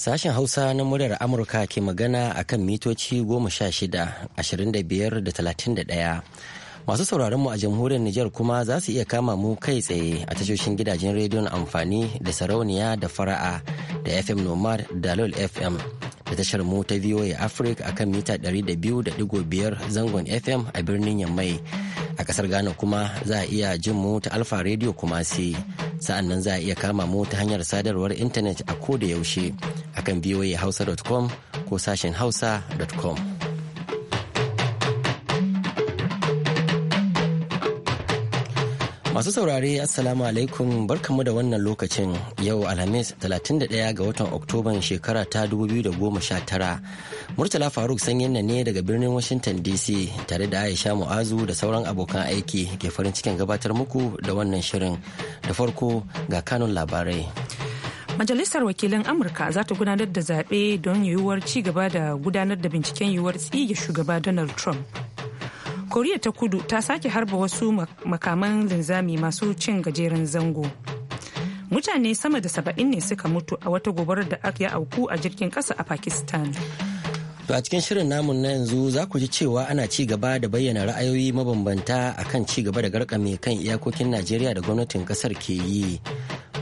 Sashen Hausa na muryar Amurka ke magana a kan mitoci goma sha 16, 25 da ɗaya. Masu sauraron mu a jamhuriyar Nijar kuma za su iya kama mu kai tsaye a tashoshin gidajen rediyon amfani da sarauniya da fara'a da FM Nomad da LOL FM da tashar mu ta VOA Africa akan mita 200.5 zangon FM a birnin Yammai. A kasar Ghana kuma za a iya jin mu ta Alfa Radio sai Sa'an nan za a iya kama mu ta hanyar sadarwar intanet a ko da yaushe akan voahausa.com ko sashen hausa.com. Masu saurare Assalamu alaikum barkamu da wannan lokacin yau Alhamis 31 ga watan Oktoban shekara ta 2019. Murtala Faruk sanyin ne daga birnin Washington DC tare da Aisha Mu'azu da sauran abokan aiki ke farin cikin gabatar muku da wannan shirin. Da farko ga kanun labarai. Majalisar wakilin Amurka za ta gudanar da zaɓe don yiwuwar ci gaba da gudanar da binciken yiwuwar tsige shugaba Donald Trump. koriya ta kudu ta sake harba wasu makaman linzami masu cin gajeren zango mutane sama da saba'in ne suka mutu a wata gobarar da aka ya auku a jirgin kasa a pakistan To a cikin shirin namun na yanzu za ku ji cewa ana ci gaba da bayyana ra'ayoyi mabambanta a kan ci gaba da garkame kan iyakokin Najeriya da gwamnatin kasar ke yi.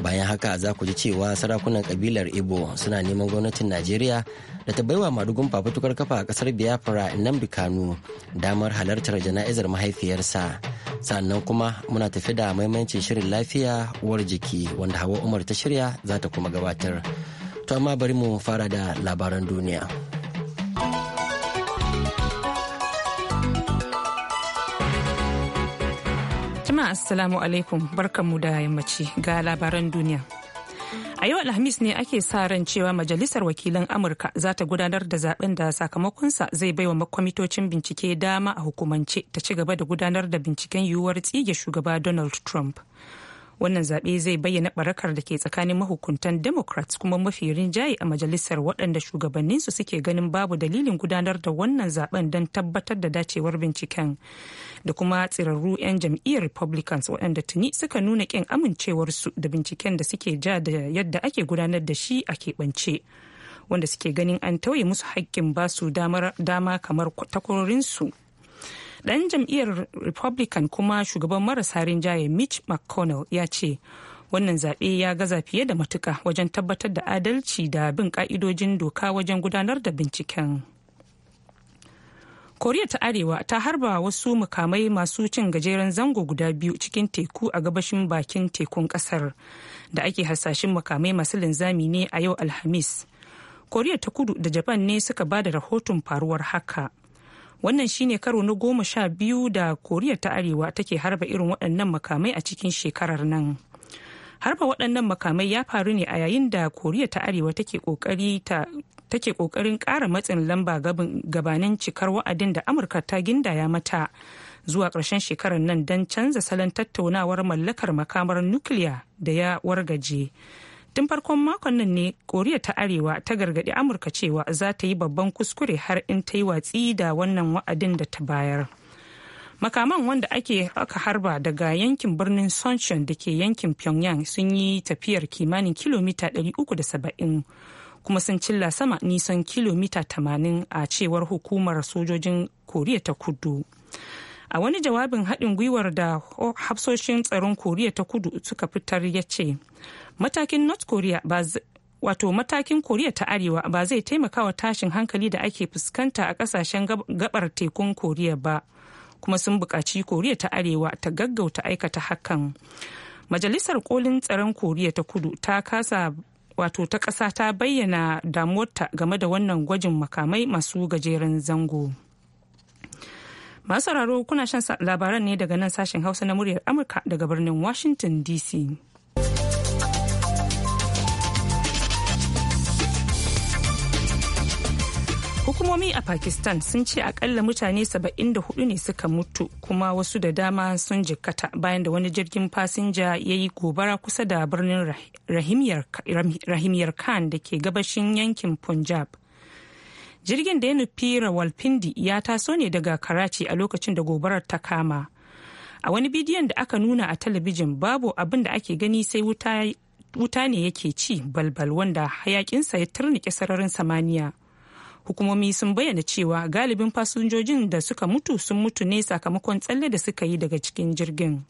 Bayan haka za ku ji cewa sarakunan kabilar ibo suna neman gwamnatin Najeriya da ta baiwa madugun fafutukar kafa a kasar biafra nnamdi kanu damar halartar jana'izar mahaifiyarsa sannan kuma muna tafi da maimancin shirin lafiya uwar jiki wanda hawa umar ta shirya za ta kuma gabatar to amma bari mu fara da labaran duniya jama'a assalamu alaikum barkanmu da yammaci ga labaran duniya yau Alhamis ne ake sa ran cewa Majalisar Wakilan Amurka za ta gudanar da zaben da sakamakonsa zai baiwa kwamitocin bincike dama a hukumance ta ci gaba da gudanar da binciken yiwuwar tsige shugaba Donald Trump. wannan zaɓe zai bayyana barakar da ke tsakanin mahukuntan democrats kuma mafi rinjaye a majalisar waɗanda shugabanninsu suke ganin babu dalilin gudanar da wannan zaben don tabbatar da dacewar binciken da kuma tsirarru 'yan jam'iyyar republicans waɗanda tuni suka nuna ƙin amincewarsu da binciken da suke ja da yadda ake gudanar da shi a keɓance wanda suke ganin an tauye musu haƙƙin su dama kamar takwarorinsu. dan jam'iyyar republican kuma shugaban marasa rinjaye mitch mcconnell ya ce wannan zaɓe ya gaza fiye da matuka wajen tabbatar da adalci da bin ka'idojin doka wajen gudanar da binciken koriya ta arewa ta harba wasu mukamai masu cin gajeren zango guda biyu cikin teku a gabashin bakin tekun kasar da ake hasashen mukamai masu linzami ne a yau alhamis koriya ta kudu da japan ne suka ba da rahoton faruwar haka wannan shine karo na goma sha biyu da koriya ta arewa take harba irin waɗannan makamai a cikin shekarar nan harba waɗannan makamai ya faru ne a yayin da koriya ta arewa take kokari ta kokarin ƙara matsin lamba gabanin cikar wa'adin da amurka ta gindaya mata zuwa ƙarshen shekarar nan don canza salon tattaunawar mallakar makamar nukiliya da ya wargaje. tun farkon makon nan ne koriya ta arewa ta gargadi amurka cewa za ta yi babban kuskure har in ta yi watsi da wannan wa'adin da ta bayar makaman wanda ake aka harba daga yankin birnin sunshine da ke yankin pyongyang sun yi tafiyar kimanin kilomita 370 kuma sun cilla sama nisan kilomita 80 a cewar hukumar sojojin koriya ta kudu a wani jawabin haɗin gwiwar da hafsoshin tsaron koriya ta kudu suka fitar ya ce matakin north korea ba wato matakin koriya ta arewa ba zai taimaka wa tashin hankali da ake fuskanta a kasashen gabar tekun koriya ba kuma sun bukaci koriya ta arewa ta gaggauta aikata hakan majalisar kolin tsaron koriya ta kudu ta kasa wato ta ƙasa ta bayyana damuwarta game da wannan gwajin makamai masu gajeren zango masu sauraro kuna shan labaran ne daga nan sashen hausa na muryar amurka daga birnin washington dc hukumomi a pakistan sun ce akalla mutane 74 ne suka mutu kuma wasu da dama sun jikkata bayan da wani jirgin fasinja ya yi gobara kusa da birnin rahimiyar khan da ke gabashin yankin punjab jirgin da ya nufi rawalpindi ya taso ne daga karachi a lokacin da gobarar ta kama a wani bidiyon da aka nuna a talabijin babu abin da ake gani sai wuta ne yake ci balbal wanda hayakinsa ya turni sararin samaniya hukumomi sun bayyana cewa galibin fasinjojin da suka mutu sun mutu ne sakamakon tsalle da suka yi daga cikin jirgin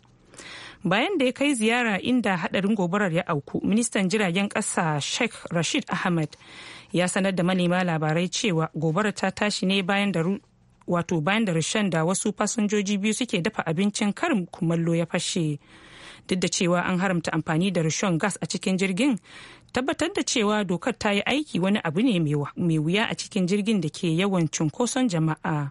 bayan da ya kai ziyara inda hadarin gobarar ya auku ministan jiragen kasa sheikh rashid ahmed ya sanar da manema labarai cewa gobarar ta tashi ne bayan da wato bayan da rishon da wasu fasinjoji biyu suke dafa abincin karin kumallo ya fashe duk da cewa an haramta amfani da rashon gas a cikin jirgin tabbatar da cewa dokar ta yi aiki wani abu ne mai wuya a cikin jirgin da ke yawan cunkoson jama'a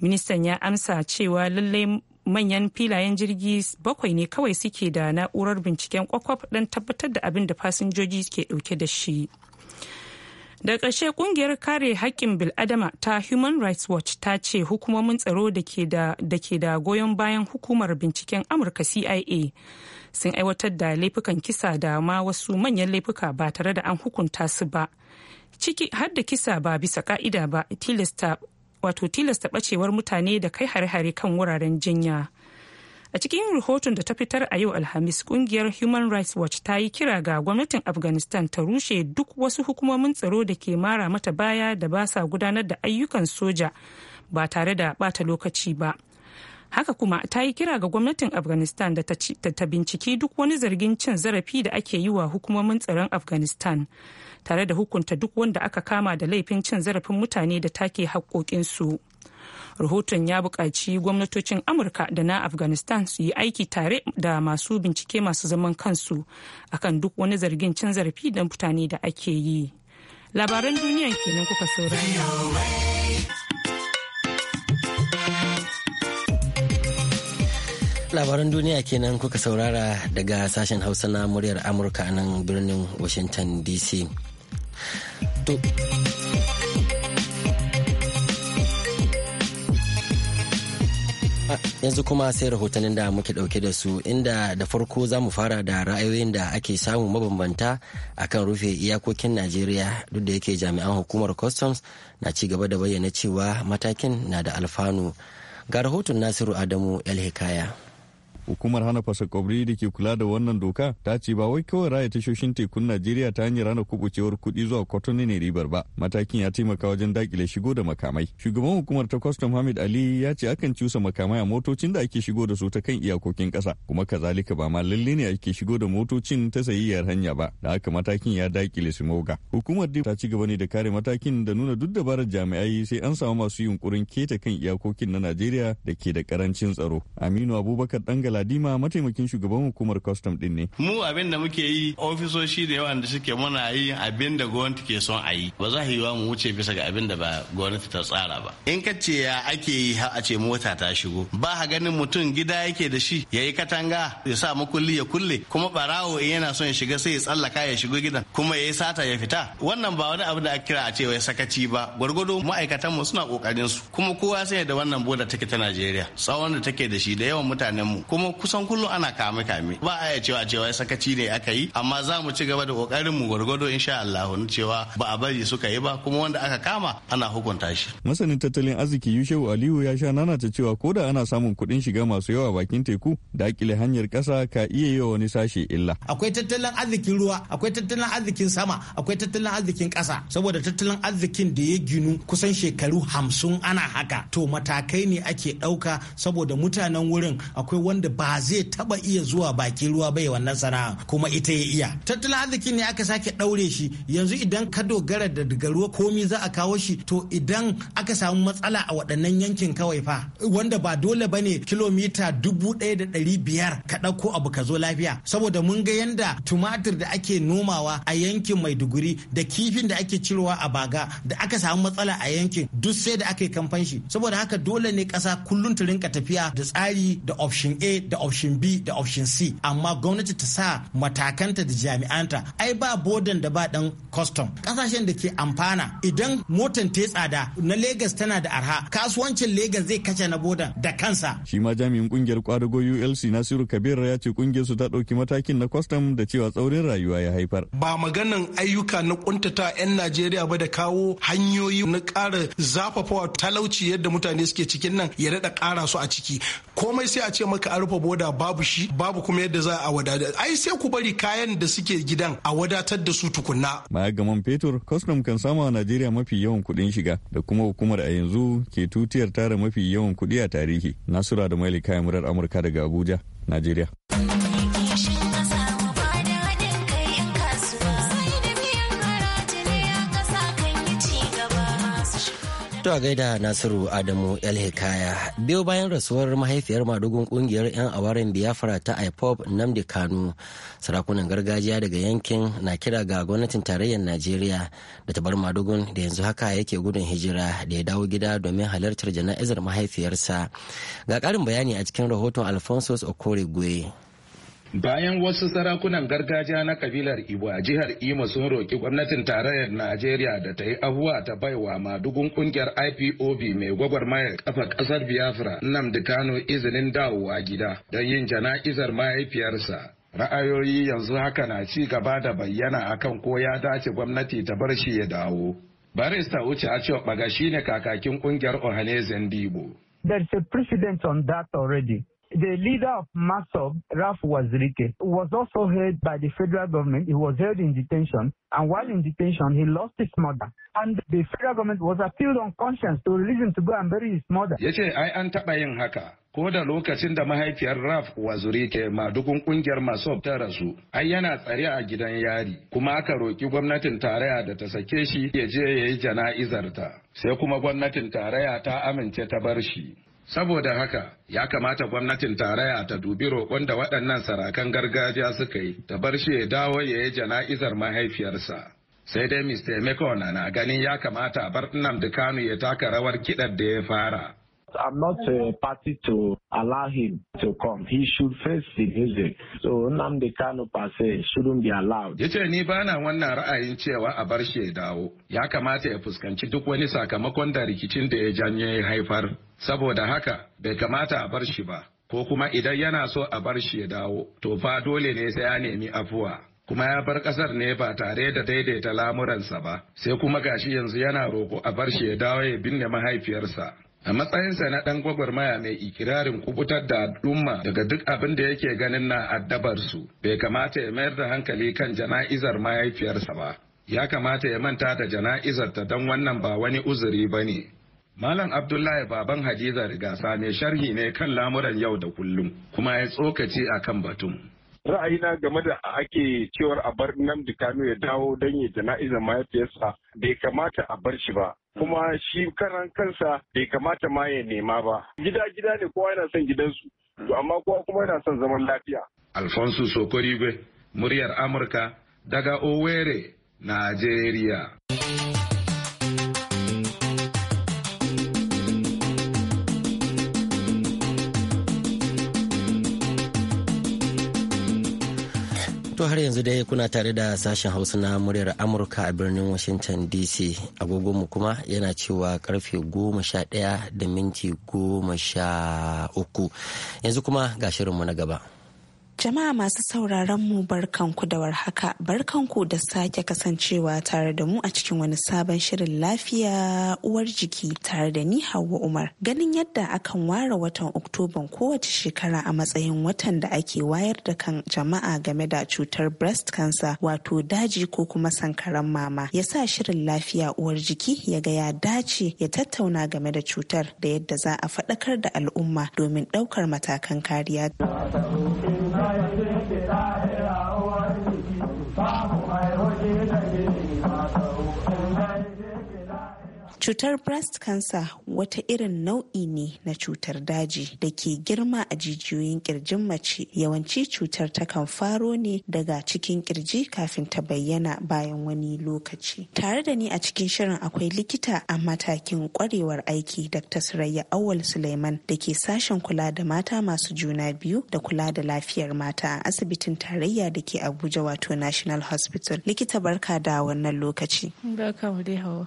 ministan ya amsa cewa lallai manyan filayen jirgi bakwai ne kawai suke da na'urar binciken kwakwaf don tabbatar da abin da fasinjoji ke dauke da shi. da ƙarshe ƙungiyar kare haƙƙin bil'adama ta human rights watch ta ce hukumomin tsaro da ke da goyon bayan hukumar binciken amurka cia sun aiwatar da laifukan kisa da ma wasu manyan laifuka ba tare da an hukunta su ba ciki har da kisa ba bisa ka'ida ba tilasta wato tilasta bacewar mutane da kai hare-hare kan wuraren jinya a cikin rahoton da ta fitar a yau alhamis kungiyar human rights watch ta yi kira ga gwamnatin afghanistan ta rushe duk wasu hukumomin tsaro da ke mara mata baya da ba sa gudanar da ayyukan soja ba tare da bata lokaci ba haka kuma ta yi kira ga gwamnatin afghanistan da ta binciki duk wani zargin cin zarafi da ake yi wa hukumomin tsaron afghanistan tare da hukunta duk wanda aka kama da laifin cin zarafin mutane da take haƙoƙinsu rahoton ya buƙaci gwamnatocin amurka da na afghanistan su yi aiki tare da masu bincike masu zaman kansu akan duk wani zargin cin zarafi da mutane da ake yi labaran duniya kenan kuka saurari labaran duniya kenan kuka saurara daga sashen hausa na muryar amurka nan birnin washington dc yanzu kuma sai rahotannin da muke dauke da su inda da farko za mu fara da ra'ayoyin da ake samu mabambanta a kan rufe iyakokin najeriya duk da yake jami'an hukumar customs na ci gaba da bayyana cewa matakin na da alfanu ga rahoton nasiru adamu el hikaya hukumar hana fasa kwabri da ke kula da wannan doka ta ce ba wai kawai raya tashoshin tekun najeriya ta hanyar hana kubucewar kuɗi zuwa kwatun ne ribar ba matakin ya taimaka wajen dakile shigo da makamai shugaban hukumar ta kwastam hamid ali ya ce akan cusa makamai a motocin da ake shigo da su ta kan iyakokin ƙasa kuma kazalika ba ma lalle ne ake shigo da motocin ta sayayyar hanya ba da haka matakin ya dakile su moga hukumar ta ci gaba ne da kare matakin da nuna duk dabarar jami'ai sai an samu masu yunkurin keta kan iyakokin na najeriya da ke da karancin tsaro aminu abubakar dangala Ladima mataimakin shugaban hukumar custom din ne. Mu abin da muke yi ofisoshi da yawan da suke muna yi abin da gwamnati ke son a yi ba za yiwa mu wuce bisa ga abin da ba gwamnati ta tsara ba. In ka ce ya ake yi har a ce mota ta shigo ba ha ganin mutum gida yake da shi ya yi katanga ya sa makulli ya kulle kuma barawo in yana son ya shiga sai ya tsallaka ya shigo gidan kuma ya yi sata ya fita wannan ba wani abu da aka kira a ce wai sakaci ba gwargwado ma'aikatan mu suna kokarin su kuma kowa sai da wannan boda take ta Najeriya tsawon da take da shi da yawan mutanen mu kuma kuma kusan kullum ana kame kame ba a iya cewa cewa sakaci ne aka yi amma za mu ci gaba da kokarin mu gwargwado insha Allah na cewa ba a bari suka yi ba kuma wanda aka kama ana hukunta shi masanin tattalin arziki Yushewu Aliyu ya sha nana ta cewa koda ana samun kuɗin shiga masu yawa bakin teku da akile hanyar ƙasa ka iya yi wani sashe illa akwai tattalin arzikin ruwa akwai tattalin arzikin sama akwai tattalin arzikin ƙasa saboda tattalin arzikin da ya ginu kusan shekaru hamsin ana haka to matakai ne ake ɗauka saboda mutanen wurin akwai wanda ba zai taba iya zuwa bakin ruwa bai wannan sana'a kuma ita ya iya tattalin arzikin ne aka sake ɗaure shi yanzu idan ka dogara da daga ruwa komi za a kawo shi to idan aka samu matsala a waɗannan yankin kawai fa wanda ba dole ba ne kilomita dubu ɗaya da ɗari biyar ka ɗauko abu ka zo lafiya saboda mun ga yanda tumatir da ake nomawa a yankin maiduguri da kifin da ake cirowa a baga da aka samu matsala a yankin duk sai da aka yi kamfan shi saboda haka dole ne ƙasa kullum ta rinka tafiya da tsari da option a da option B da option C amma gwamnati ta sa matakanta da jami'anta ai ba bodan da ba dan custom kasashen da ke amfana idan motan ta tsada na Lagos tana da arha kasuwancin Lagos zai kace na bodan da kansa shi ma jami'in kungiyar kwadago ULC Nasiru Kabir ya ce kungiyar su ta dauki matakin na custom da cewa tsaurin rayuwa ya haifar ba maganan ayyuka na kuntata 'yan Najeriya ba da kawo hanyoyi na ƙara zafafawa talauci yadda mutane suke cikin nan ya dada ƙara su a ciki komai sai a ce maka rufe boda babu shi babu kuma yadda za a wadatar ai sai ku bari kayan da suke gidan a wadatar da su tukunna magaman fetur custom kan samu a najeriya mafi yawan kuɗin shiga da kuma hukumar a yanzu ke tutiyar tara mafi yawan kuɗi a tarihi nasura da maili kayan murar amurka daga abuja najeriya To a gaida Nasiru Adamu El Hikaya. Biyo bayan rasuwar mahaifiyar madugun kungiyar 'yan awarin biyafara ta iPop, Namdi Kanu, sarakunan gargajiya daga yankin na kira ga gwamnatin tarayyar Najeriya da ta bar madugun da yanzu haka yake gudun hijira da ya dawo gida domin halartar jana'izar mahaifiyarsa. Ga ƙarin bayani a cikin rahoton Alphonsus Okorigwe. Bayan wasu sarakunan gargajiya na kabilar Ibo a jihar Imo sun roƙi gwamnatin tarayyar Najeriya da ta yi abuwa ta baiwa madugun kungiyar IPOB mai gwagwarmayar kafa ƙasar Biafra da Kano izinin dawowa gida don yin jana'izar mahaifiyarsa. Ra'ayoyi yanzu haka na ci gaba da bayyana akan ko ya dace gwamnati ta bar shi ya dawo. Barista Uche Acho Baga shine kakakin kungiyar Ohaneze Ndibo. There's a precedent on that already. The leader of MASOB, Ralph Wazirike, was also held by the federal government. He was held in detention, and while in detention, he lost his mother. And the federal government was appealed on conscience to release him to go and bury his mother. Yes, I am an haka, ko lokacin da mahaifiyar Ralph Wazirike madugun ƙungiyar MASOB ta rasu, ai yana tsare a gidan yari, kuma aka gwamnatin tarayya da ta sake shi ya je ya yi jana'izarta. Sai kuma gwamnatin tarayya ta amince ta bar shi. Saboda haka ya kamata gwamnatin tarayya ta dubi roƙon da waɗannan sarakan gargajiya suka yi ta bar shi ya dawo ya yi jana'izar mahaifiyarsa. Sai dai Mr. Emeka na ganin ya kamata bar Nnamdi Kanu ya taka rawar kiɗar da ya fara. I'm not a mm-hmm. party to allow him to come. He should face the music. So Nnamdi Kanu per se shouldn't be allowed. Yace ni ba na wannan ra'ayin cewa a bar shi ya dawo. Ya kamata ya fuskanci duk wani sakamakon da rikicin da ya janyo ya haifar. Saboda haka bai kamata a bar shi ba. Ko kuma idan yana so a bar shi ya dawo, to fa dole ne sai ya nemi afuwa. kuma ya bar ƙasar ne ba tare da daidaita lamuransa ba sai kuma gashi yanzu yana roko a bar shi ya dawo ya binne mahaifiyarsa a matsayinsa na ɗan gwagwarmaya mai ikirarin kubutar da al'umma daga duk abin da yake ganin na addabar su bai kamata ya mayar da hankali kan jana'izar mahaifiyarsa ba ya kamata ya manta da jana'izar ta don wannan ba wani uzuri ba ne malam abdullahi baban hadiza rigasa mai sharhi ne kan lamuran yau da kullum kuma ya tsokaci a kan batun ra'ayina game da ake cewar a bar Nnamdi Kano ya dawo don ya jana'izar mahaifiyarsa bai kamata a bar shi ba kuma shi karan kansa bai kamata ma ya nema ba gida gida ne kowa yana son gidansu to amma kowa kuma yana son zaman lafiya alfonso sokoribe muryar amurka daga owerri najeriya To har yanzu dai kuna tare da sashen Hausa na muryar Amurka a birnin Washington DC. Agogonmu kuma yana cewa karfe goma sha ɗaya da minti goma sha uku. Yanzu kuma ga shirinmu na gaba. Jama'a masu sauraron mu barkanku da warhaka barkanku da sake kasancewa tare da mu a cikin wani sabon shirin lafiya uwar jiki tare da ni Hauwa Umar. Ganin yadda akan ware watan Oktoban kowace shekara a matsayin watan da ake wayar da kan jama'a game da cutar breast cancer wato daji ko kuma sankaran mama yasa shirin lafiya uwar jiki ya ga ya dace ya tattauna game da cutar da yadda za a faɗakar da al'umma domin ɗaukar matakan kariya. 哎，对对对，在？Cutar breast cancer wata irin nau'i ne na cutar daji da ke girma a jijiyoyin kirjin mace yawanci cutar takan faro ne daga cikin kirji kafin ta bayyana bayan wani lokaci. Tare da ni a cikin shirin akwai likita a matakin kwarewar aiki Dr. Surayya Awal Suleiman da ke sashen kula da mata masu juna biyu da kula da lafiyar mata a asibitin tarayya da ke Abuja wato National Hospital. Likita barka da wannan lokaci.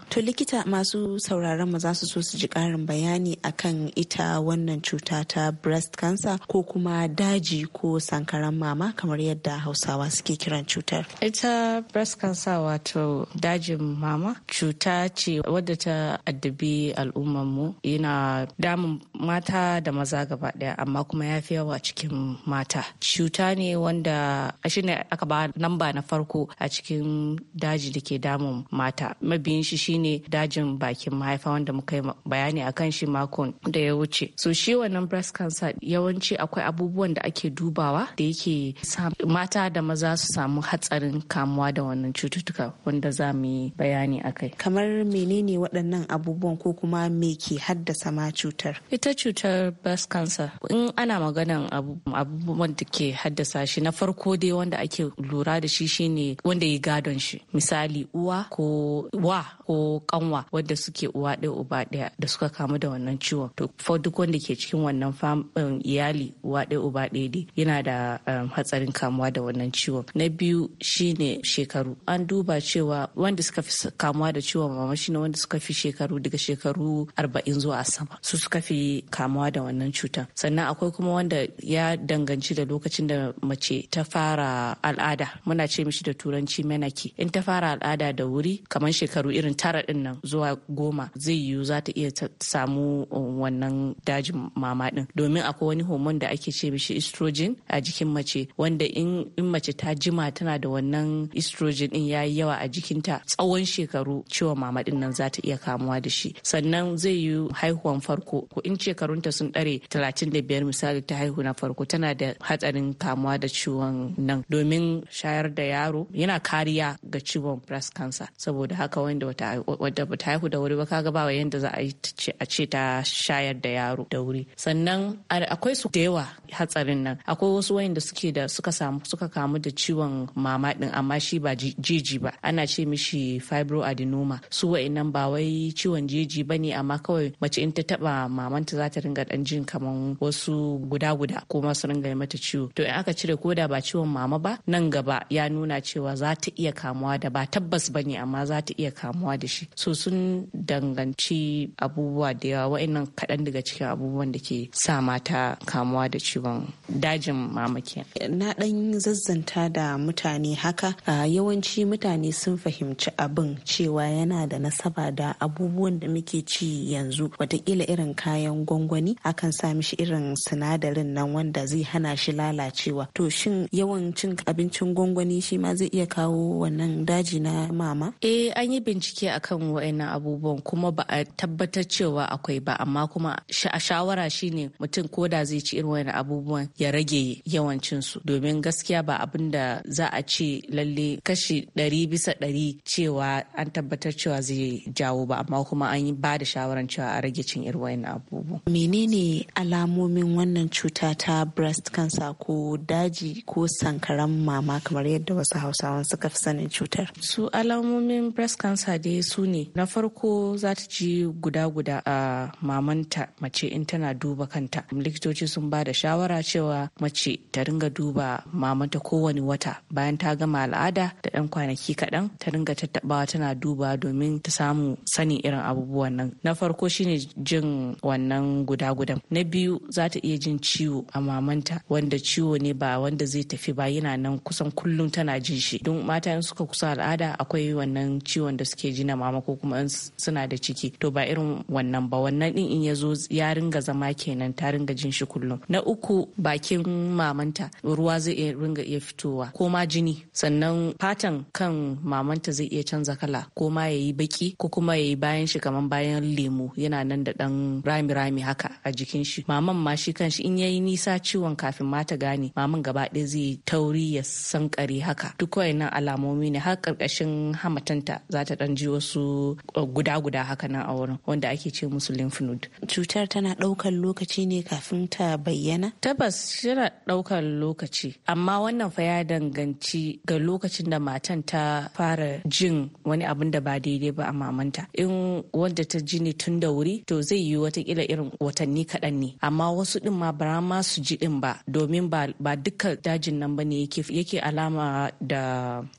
To likita masu sauraron mu za su so su ji ƙarin bayani akan ita wannan cuta ta breast cancer ko kuma daji ko sankaran mama kamar yadda hausawa suke kiran cutar. Ita breast cancer wato dajin mama cuta ce wadda ta addabi al'ummarmu yana damun mata da maza gaba daya amma kuma ya fi yawa cikin mata. Cuta ne wanda shi ne aka ba namba na farko a cikin daji da ke damun mata. Mabiyin shi shine dajin baki dakin mahaifa wanda muka yi bayani akan shi makon da ya wuce so shi wannan breast cancer yawanci akwai abubuwan da ake dubawa da yake mata da maza su samu hatsarin kamuwa da wannan cututtuka wanda za mu yi bayani akai kamar menene waɗannan abubuwan ko kuma me ke haddasa ma cutar ita cutar breast cancer in ana maganan abubuwan da ke haddasa shi na farko dai wanda ake lura da shi shine wanda ya gadon shi misali uwa ko wa ko kanwa wadda su suke uwa ɗaya uba ɗaya da suka kamu da wannan ciwon to fa duk wanda ke cikin wannan um, iyali uwa ɗaya uba ɗaya dai yana da um, hatsarin kamuwa da wannan ciwon na biyu shine shekaru an duba cewa wanda suka fi kamuwa da ciwon mama shine wanda suka fi shekaru daga shekaru arba'in zuwa sama su suka fi kamuwa da wannan cutan sannan akwai kuma wanda ya danganci da lokacin da mace ta fara al'ada muna ce mishi da turanci menaki in ta fara al'ada da wuri kamar shekaru irin tara din nan zuwa goma zai yiwu za ta iya samu um, wannan dajin mama din domin akwai wani homon da ake ce mishi estrogen a jikin mace wanda in mace ta jima tana da wannan estrogen din yayi yawa a jikinta tsawon shekaru ciwon mama din nan za ta iya kamuwa da shi sannan zai yi haihuwan farko ko in shekarunta sun dare 35 misali ta haihu na farko tana da hatsarin kamuwa da ciwon nan domin shayar da yaro yana kariya ga ciwon breast cancer saboda haka wanda bata haihu da wuri ba kaga ba yanda za a yi a ce ta shayar da yaro da wuri sannan akwai su da yawa hatsarin nan akwai wasu wayanda suke da suka samu suka kamu da ciwon mama din amma shi ba jeji ba ana ce mishi fibroadenoma su wayannan ba wai ciwon jeji bane amma kawai mace in ta taba mamanta za ta ringa dan jin kaman wasu guda guda kuma su ringa mata ciwo to in aka cire koda ba ciwon mama ba nan gaba ya nuna cewa za ta iya kamuwa da ba tabbas bane amma za ta iya kamuwa da shi so sun danganci abubuwa da yawa wa'annan kaɗan daga cikin abubuwan da ke sa mata kamuwa da ciwon dajin mamaki. Na ɗan zazzanta da mutane haka yawanci mutane sun fahimci abin cewa yana da nasaba da abubuwan da muke ci yanzu watakila irin kayan gwangwani akan sa mishi irin sinadarin nan wanda zai hana shi lalacewa. To shin yawan cin abincin gwangwani shi ma zai iya kawo wannan daji na mama? Eh an yi bincike akan wa'annan abubuwan. abubuwan kuma ba a tabbatar cewa akwai ba amma kuma a shawara shine mutum ko da zai ci irin wani abubuwan ya rage yawancinsu domin gaskiya ba abin da za a ce lalle kashi ɗari bisa ɗari cewa an tabbatar cewa zai jawo ba amma kuma an yi ba da shawaran cewa a rage cin irin wani abubuwan. Menene alamomin wannan cuta ta breast cancer ko daji ko sankaran mama kamar yadda wasu hausawan suka fi sanin cutar? Su alamomin breast cancer dai su ne na farko za ta ji guda-guda a mamanta mace in tana duba kanta likitoci sun ba da shawara cewa mace ta ringa duba mamanta kowane wata bayan ta gama al'ada da ɗan kwanaki kaɗan ta ringa tattabawa tana duba domin ta samu sanin irin abubuwan nan na farko shine jin wannan guda-gudan na biyu za ta iya jin ciwo a mamanta wanda ciwo ne ba wanda zai tafi ba yana nan kusan kullum tana jin shi don mata in suka kusa al'ada akwai wannan ciwon da suke ji na mama ko kuma suna da ciki to ba irin wannan ba wannan din in ya zo ya ringa zama kenan ta ringa jin shi kullum na uku bakin mamanta ruwa zai iya ringa iya fitowa ko ma jini sannan fatan kan mamanta zai iya canza kala ko ma ya yi baki ko kuma ya yi bayan shi kamar bayan lemu yana nan da dan rami rami haka a jikin shi maman ma shi kan shi. in ya yi nisa ciwon kafin ma ta gane maman gaba ɗaya zai tauri ya sankare haka duk wayannan alamomi ne har karkashin hamatanta za ta dan ji wasu uh, guda guda guda haka nan a wurin wanda ake ce musu lymph node cutar tana ɗaukar lokaci ne kafin ta bayyana tabbas tana ɗaukar lokaci amma wannan fa ya danganci ga lokacin da matan ta fara jin wani abin da ba daidai ba a mamanta in wanda ta ji ne tun da wuri to zai yi kila irin watanni kaɗan ne amma wasu ɗin ma ba ma su ji ɗin ba domin ba duka dajin nan ba ne yake alama da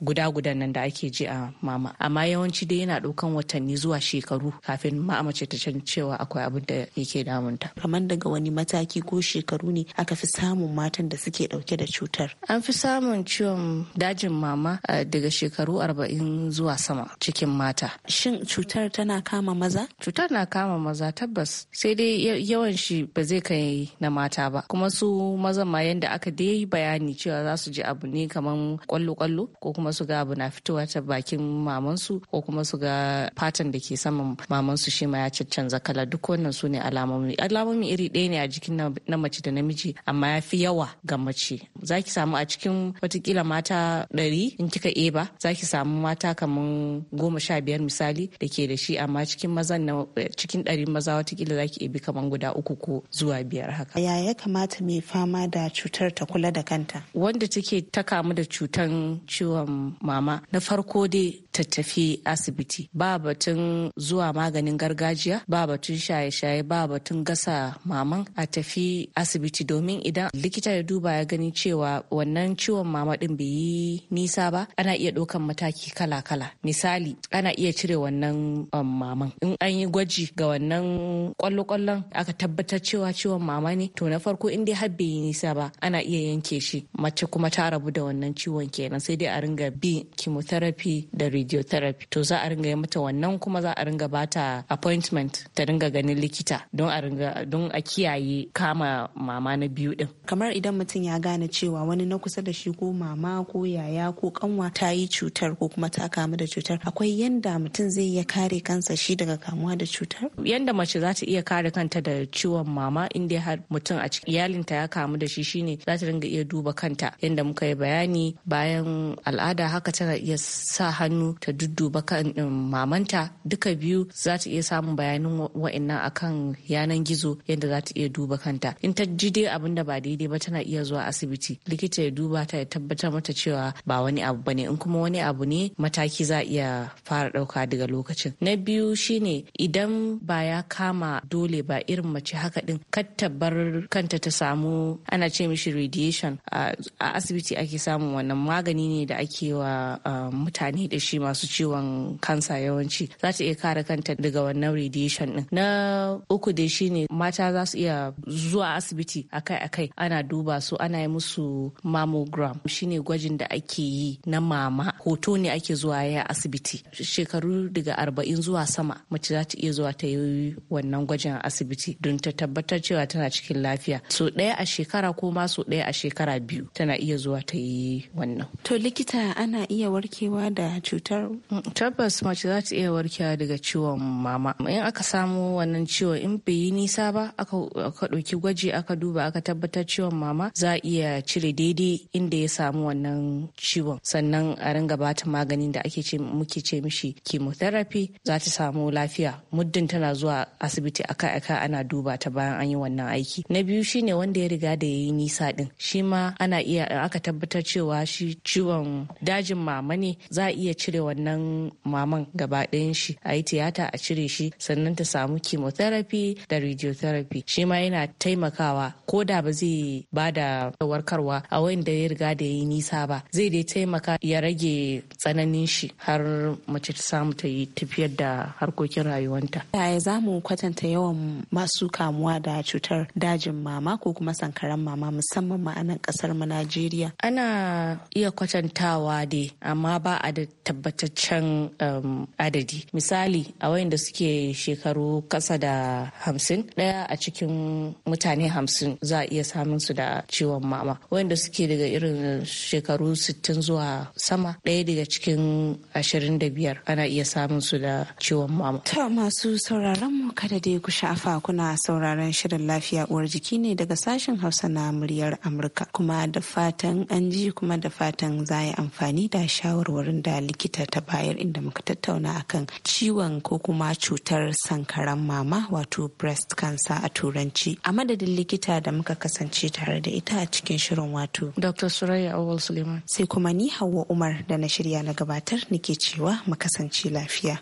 guda guda nan da ake ji a mama amma yawanci dai yana ɗaukan watanni zuwa shekaru kafin ma'amace ta can cewa akwai abin da yake damunta kamar daga wani mataki ko shekaru ne aka fi samun matan da suke dauke da cutar an fi samun ciwon dajin mama eh, daga shekaru arba'in zuwa sama cikin mata shin cutar tana kama maza cutar na kama maza tabbas sai dai yawan shi ba zai kai na mata ba kuma su maza ma yanda aka dai bayani cewa za su ji abu ne kamar kwallo-kwallo ko kuma su ga abu na fitowa ta bakin mamansu ko kuma su ga fatan da ke ke saman mamansu su shi ma ya caccanza kala duk wannan su ne alamomi alamomi iri ɗaya ne a jikin na mace da namiji amma ya fi yawa ga mace za ki samu a cikin watakila mata ɗari in kika eba za ki samu mata kaman goma sha biyar misali da ke da shi amma cikin mazan na eh, cikin ɗari maza watakila za ki ebi kamar guda uku ko zuwa biyar haka. Ya ya kamata mai fama da cutar ta kula da kanta? Wanda take ta kamu da cutan ciwon mama na farko dai tattafi asibiti ba batun zuwa maganin gargajiya ba batun shaye-shaye ba batun gasa maman a tafi asibiti domin idan likita ya duba ya gani cewa wannan ciwon mama din bai yi nisa ba ana iya ɗaukan mataki kala-kala misali ana iya cire wannan um, maman in an yi gwaji ga wannan ƙwallo kwallon aka tabbatar cewa ciwon mama ne to na farko in dai har bai yi nisa ba ana iya yanke shi mace kuma ta rabu da wannan ciwon kenan sai dai a ringa bi chemotherapy da radiotherapy to za a ringa yi mata wannan kuma za a ringa bata appointment ta ringa ganin likita don a ringa don a kiyaye kama mama na biyu din kamar idan mutum ya gane cewa wani na kusa da shi ko mama ko yaya ko kanwa ta yi cutar ko kuma ta kamu da cutar akwai yanda mutum zai iya kare kansa shi daga kamuwa da cutar yanda mace za ta iya kare kanta da ciwon mama inda har mutum a cikin iyalinta ya kamu da shi shine za ta ringa iya duba kanta yanda muka yi bayani bayan al'ada haka tana iya sa hannu ta dudduba kan um, mamanta duka biyu za ta iya samun bayanin wa'annan akan yanan gizo yadda za ta iya duba kanta in ta ji dai abin da ba daidai ba tana iya zuwa asibiti likita ya duba ta ya tabbatar mata cewa ba wani abu ba ne in kuma wani abu ne mataki za iya fara ɗauka daga lokacin na biyu shine idan ba ya kama dole ba irin mace haka din kattabar kanta ta samu ana ce mishi radiation a asibiti ake samun wannan magani ne da ake wa um, mutane da shi masu ciwon kansa yawanci za ta iya kare kanta daga wannan radiation din na uku dai shine mata za su iya zuwa asibiti akai-akai ana duba su ana yi musu mammogram shine gwajin da ake yi na mama hoto ne ake zuwa ya asibiti shekaru daga arba'in zuwa sama mace za ta iya zuwa ta yi wannan gwajin asibiti don ta tabbatar cewa tana cikin lafiya so ɗaya a shekara ko ma so ɗaya a shekara biyu tana iya zuwa ta yi wannan to likita ana iya warkewa da cutar cutar? Mm, tabbas mace za ta iya warkewa daga ciwon mama. In aka samu wannan ciwon in bai yi nisa ba aka ɗauki gwaji aka duba aka tabbatar ciwon mama za a iya cire daidai inda ya samu wannan ciwon. Sannan a ringa ta maganin da ake ce muke ce mishi chemotherapy za ta samu lafiya muddin tana zuwa asibiti akai-akai ana duba ta bayan an yi wannan aiki. Na biyu shine wanda ya riga da ya yi nisa din shima ana iya aka tabbatar cewa shi ciwon dajin mama ne za a iya cire wannan maman gaba ɗayan shi a yi tiyata a cire shi sannan ta samu chemotherapy da radiotherapy shi ma yana taimakawa ko da ba zai ba da warkarwa a wanda ya riga da ya yi nisa ba zai dai taimaka ya rage tsananin shi har mace ta samu ta yi tafiyar da harkokin rayuwanta. Yaya za mu kwatanta yawan masu kamuwa da cutar dajin mama ko kuma sankaran mama musamman ma a kasar mu Najeriya? Ana iya kwatantawa dai amma ba a da tabbatar tabbataccen um, adadi misali a wayanda suke shekaru kasa da hamsin daya a cikin mutane hamsin za a iya samun su da ciwon mama wayanda suke daga irin shekaru sittin zuwa sama daya daga cikin ashirin da biyar ana iya samun su da ciwon mama. To masu sauraron mu kada dai ku sha'afa kuna sauraron shirin lafiya uwar jiki ne daga sashen Hausa na muryar Amurka kuma da fatan an ji kuma da fatan za a yi amfani da shawarwarin da likita da ta bayar inda muka tattauna akan ciwon ko kuma cutar sankaran mama wato breast cancer a turanci a madadin likita da muka kasance tare da ita a cikin shirin wato dr suraya awal suleiman sai kuma ni hawa umar da na shirya na gabatar nake cewa mu kasance lafiya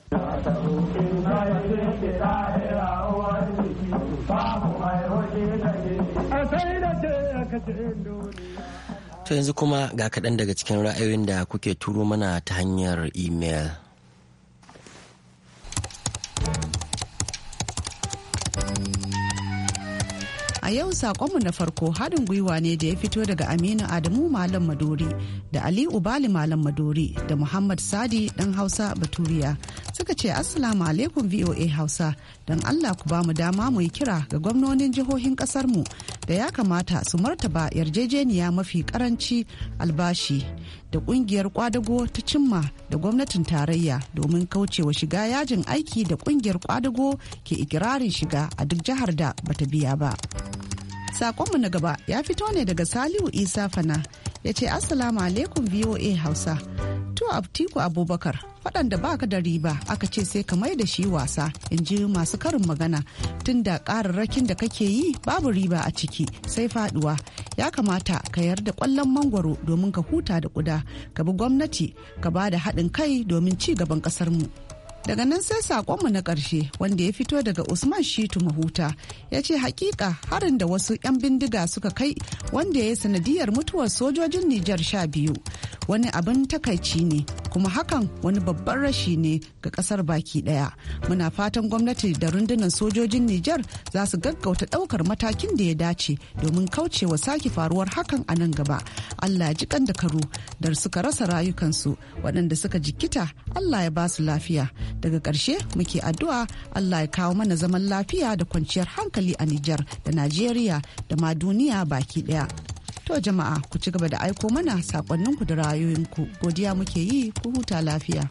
Thank you. To yanzu kuma ga kaɗan daga cikin ra'ayoyin da kuke turo mana ta hanyar imel. A yau sakonmu na farko haɗin gwiwa ne da ya fito daga Aminu Adamu Malam Madori da Ali Ubali Malam Madori da Muhammad Sadi ɗan Hausa Baturiya suka ce assalamu alaikum voa hausa don allah ku ba mu dama mu yi kira ga gwamnonin jihohin mu da ya kamata su martaba yarjejeniya mafi karanci albashi da kungiyar kwadago ta cimma da gwamnatin tarayya domin kauce wa shiga yajin aiki da kungiyar kwadago ke ikirarin shiga a duk jihar da bata biya ba sakonmu na gaba ya fito ne daga saliu isa fana ya ce assalamu alaikum voa hausa Abtiku Abubakar faɗan da ka da riba aka ce sai ka mai da shi wasa in ji masu karin magana tun da ƙararrakin da kake yi babu riba a ciki sai faɗuwa ya kamata ka yarda ƙwallon mangwaro domin ka huta da ƙuda ka bi gwamnati ka ba da haɗin kai domin ci gaban ƙasarmu. mu. daga nan sai sakonmu na ƙarshe wanda ya fito daga usman shitu mahuta ya ce hakika harin da wasu 'yan bindiga suka kai wanda ya yi sanadiyar mutuwar sojojin nijar sha biyu wani abin takaici ne kuma hakan wani babban rashi ne ga ƙasar baki ɗaya muna fatan gwamnati da rundunar sojojin nijar za su gaggauta ɗaukar matakin da ya dace domin kauce wa sake faruwar hakan a nan gaba allah ya ji kan da karu da suka rasa rayukansu waɗanda suka jikita allah ya ba su lafiya daga ƙarshe muke addu'a allah ya kawo mana zaman lafiya da kwanciyar hankali a nijar da najeriya da ma duniya baki ɗaya to jama'a ku ci gaba da aiko mana sakonninku da rayoyinku godiya muke yi ku huta lafiya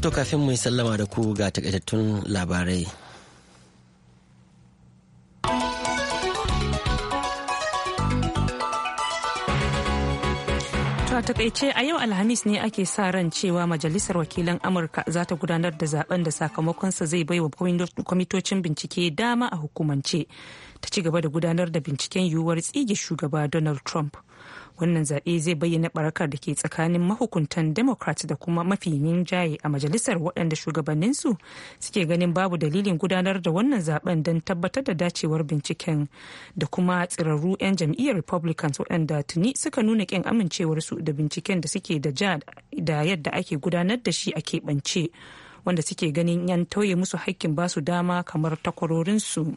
To kafin mu yi sallama da ku ga takaitattun labarai. takaice a yau alhamis ne ake sa ran cewa majalisar wakilan amurka za ta gudanar da zaben da sakamakonsa zai baiwa kwamitocin bincike dama a hukumance ta ci gaba da gudanar da binciken yiwuwar tsige shugaba donald trump wannan zaɓe zai bayyana barakar da ke tsakanin mahukuntan democrats da kuma mafi jaye a majalisar waɗanda shugabanninsu suke ganin babu dalilin gudanar da wannan zaben don tabbatar da dacewar binciken da kuma tsirarru 'yan jam'iyyar republicans waɗanda tuni suka nuna ƙin amincewarsu da binciken da suke da ja da yadda ake gudanar da shi a keɓance wanda suke ganin 'yan tauye musu haƙƙin basu dama kamar takwarorinsu.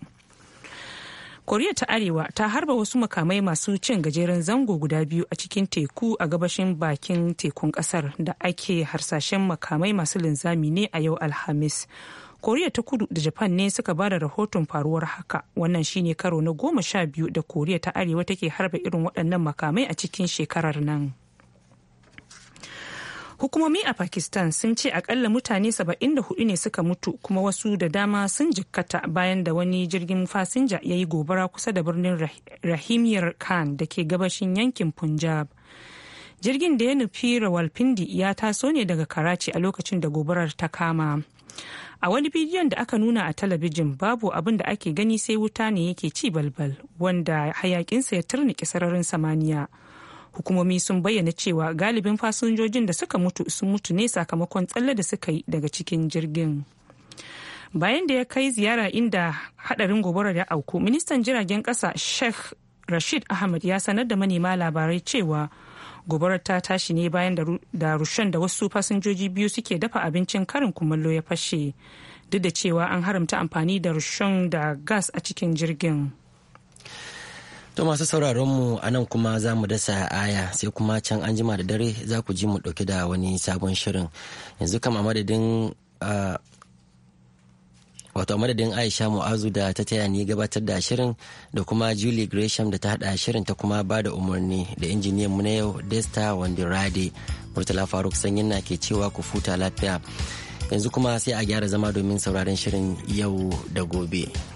koriya ta arewa ta harba wasu makamai masu cin gajeren zango guda biyu a cikin teku a gabashin bakin tekun kasar da ake harsashen makamai masu linzami ne a yau alhamis koriya ta kudu da japan ne suka ba da rahoton faruwar haka wannan shine karo na goma sha biyu da koriya ta arewa take harba irin waɗannan makamai a cikin shekarar nan Hukumomi a Pakistan sun ce akalla mutane 74 ne suka mutu kuma wasu da dama sun jikkata bayan da wani jirgin fasinja ya yi gobara kusa da birnin Rahimiyar Khan da ke gabashin yankin Punjab. Jirgin da ya nufi Rawalpindi ya taso ne daga Karachi a lokacin da gobarar ta kama. A wani bidiyon da aka nuna a talabijin babu abin da ake gani sai wuta ne yake ci balbal wanda hayakinsa ya turni sararin samaniya. hukumomi sun bayyana cewa galibin fasinjojin da suka mutu sun mutu ne sakamakon tsalle da suka yi daga cikin jirgin bayan da ya kai ziyara inda hadarin gobarar ya auku ministan jiragen kasa sheikh rashid ahmad ya sanar da manema labarai cewa gobarar ta tashi ne bayan da rushen da wasu fasinjoji biyu suke dafa abincin karin kumallo ya fashe duk da cewa an haramta amfani da rushen da gas a cikin jirgin. To masu sauraron mu a nan kuma za mu dasa aya sai kuma can an jima da dare za ku ji mu ɗauki da wani sabon shirin yanzu kama madadin wato madadin aisha mu'azu da ta taya ni gabatar da shirin da kuma julie gresham da ta hada shirin ta kuma ba da umarni da injiniyan mu na yau desta wandirade murtala faruk sanyin na ke cewa ku futa lafiya yanzu kuma sai a gyara zama domin sauraron shirin yau da gobe.